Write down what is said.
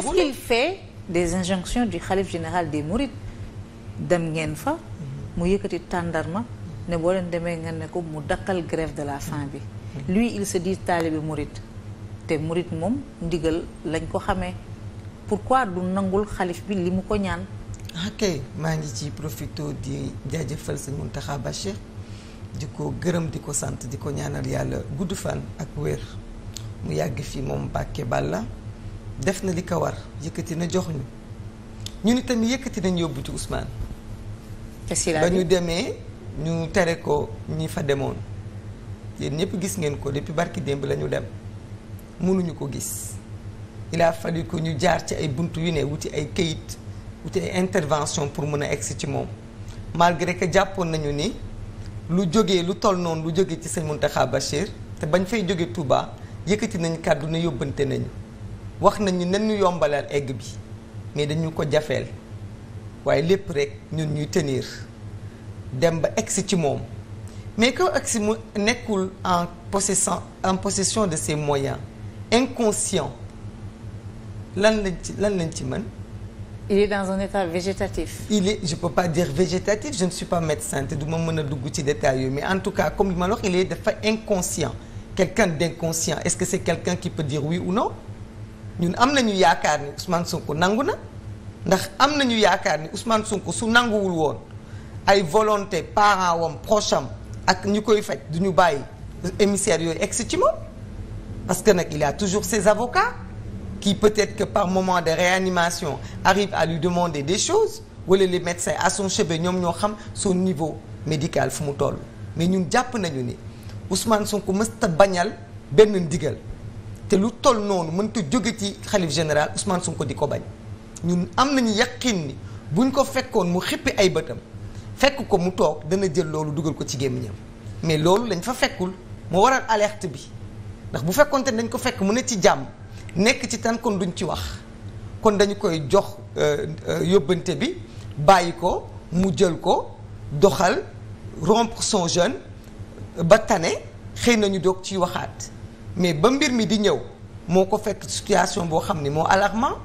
est-ce qu'il des injonctions du khalife général des mourides dem ngeen fa mu yëkkati tàndarma ne boo leen demee ngeen ne ko mu dakkal grève de la faim bi lui il se dit taalibe mouride te mouride moom ndigal lañ ko xamee pourquoi du nangul xalif bi li mu ko ñaan ok maa ngi ci profité di jaajëfal sëñ Mountakha Bachir di ko gërëm di ko sant di ko ñaanal yàlla gudd fan ak wér mu yàgg fi moom Mbàkke Bàlla def na li ko war yëkkati na jox ñu ñu ni tamit yëkkati nañ yóbbu ci Ousmane. ba ñu demee ñu tere ko ñi fa demoon yéen ñëpp gis ngeen ko depuis barki démb la ñu dem mënuñu ko gis il a fallu que ñu jaar ci ay bunt yu ne wuti ay kayit wuti ay intervention pour mën a egsi ci moom malgré que jàppoon nañu ni lu jógee lu toll noonu lu jógee ci sëñ Mountakha Bachir te bañ fay jóge tubaa yëkkati nañu kàddu ne yóbbante nañu wax nañu nen ñu yombalal egg bi mais dañu ko jafeel waaye lépp rek ñun ñuy tenir dem ba egsi ci moom mais que agsi mu nekkul en possession en possession de ses moyens inconscient lan lañ ci lan lañ ci mën il est dans un état végétatif il est je peux pas dire végétatif je ne suis pas médecin te du ma mën a dugg ci détails mais en tout cas comme li ma la wax il est dafa inconscient quelqu'un d'inconscient est-ce que c'est quelqu'un qui peut dire oui ou non ñun am nañu yaakaar ni Ousmane Sonko nangu na ndax am nañu yaakaar ni Ousmane Sonko su nanguwul woon ay volonté parent wam proche am ak ñu koy faj du ñu bàyyi émissaires yooyu egsi ci moom parce que nag il a toujours ses avocats ki peut-être que par moment de réanimation arrivent à lui demander des choses wala les médecins à son chevet ñoom ñoo xam soo niveau médical fu mu toll mais ñun jàpp nañu ni Ousmane Sonko mësta bañal benn digal te lu toll noonu mënta jóge ci xalif général Ousmane ko di ko bañ ñun am nañu yaqin ni buñ ko fekkoon mu xippi ay bëtam fekk ko mu toog dana jël loolu dugal ko ci gémmiñam mais loolu lañ fa fekkul moo waral alerte bi ndax bu fekkoonte dañ ko fekk mu ne ci jàmm nekk ci tan kon duñ ci wax kon dañu koy jox euh, euh, yóbbante bi bàyyi ko mu jël ko doxal rompre son jeûne ba tane xëy nañu doog ciy waxaat mais ba mbir mi di ñëw moo ko fekk situation boo xam ni moo alarmant